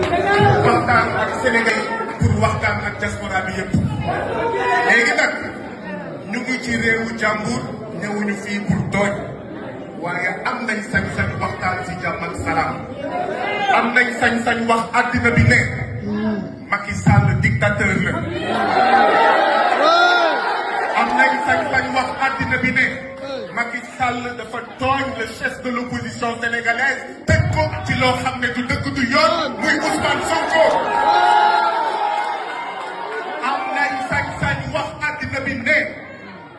pour waxtaan ak Sénégal pour waxtaan ak diaspora bi léegi nag ñu ngi ci réewu jàmbur ñëwuñu fii pour tooñ waaye am nañ sañ-sañ waxtaan ci jàmm salaam am nañ sañ-sañ wax àddina bi ne Macky Sall dictateur la. am nañ sañ-sañ wax àddina bi ne. Macky Sall dafa tooñ le chef de l'opposition sénégalaise teg ko ci loo xam ne du dëgg du Ousmane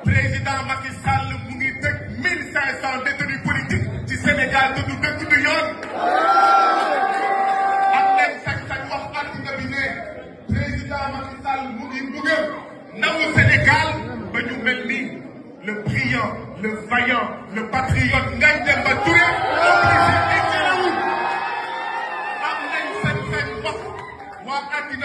président Macky Sall Mouni 1500 détenus politiques du Sénégal tout du du Yol. Amen président Macky Sall Mouni Sénégal le brillant le vaillant le patriote Ngagne au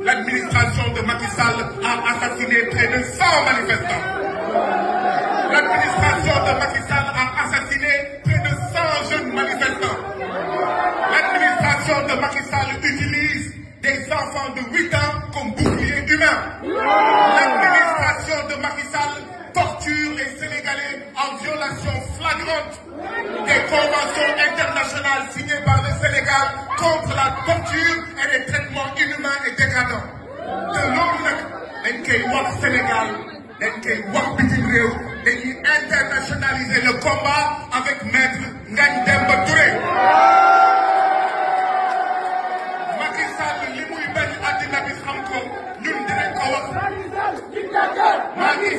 l'administration de Macky Sall a assassiné près de 100 manifestants l'administration de Macky Sall a assassiné près de 100 jeunes manifestants l'administration de Macky Sall utilise des enfants de 8 ans comme boucliers humains. l'administration de Macky Sall torture les Sénégalais en violation flagrante des conventions internationales signées par le Sénégal contre la torture te loolu nag dañ koy wax Sénégal dañ koy wax bitim réew dañuy internationaliser le combat avec maître Ngagne Demba Touré. Macky Sall li muy bañ àddina bi xam ko ñun dinañ ko wax. dictateur. Macky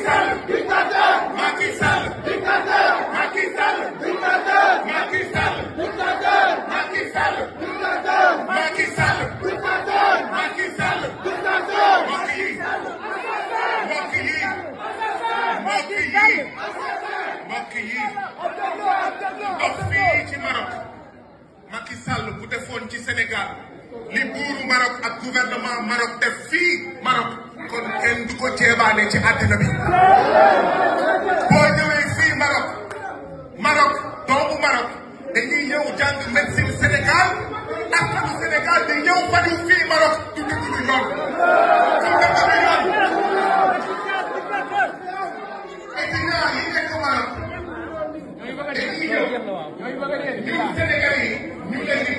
yii dox fii ci Maroc Macky Sall bu defoon ci Sénégal li buuru Maroc ak gouvernement Maroc def fii Maroc kon kenn ko ceebaale ci àddina bi boo ñëwee fii Maroc Maroc doomu Maroc dañuy ñëw jàng médecine Sénégal askanu Sénégal di ñëw faju fii Maroc du dugg ci loolu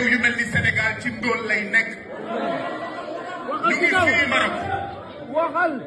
réew yu mel ni Sénégal ci ndóol lay nekk ñu ngi fii Maroc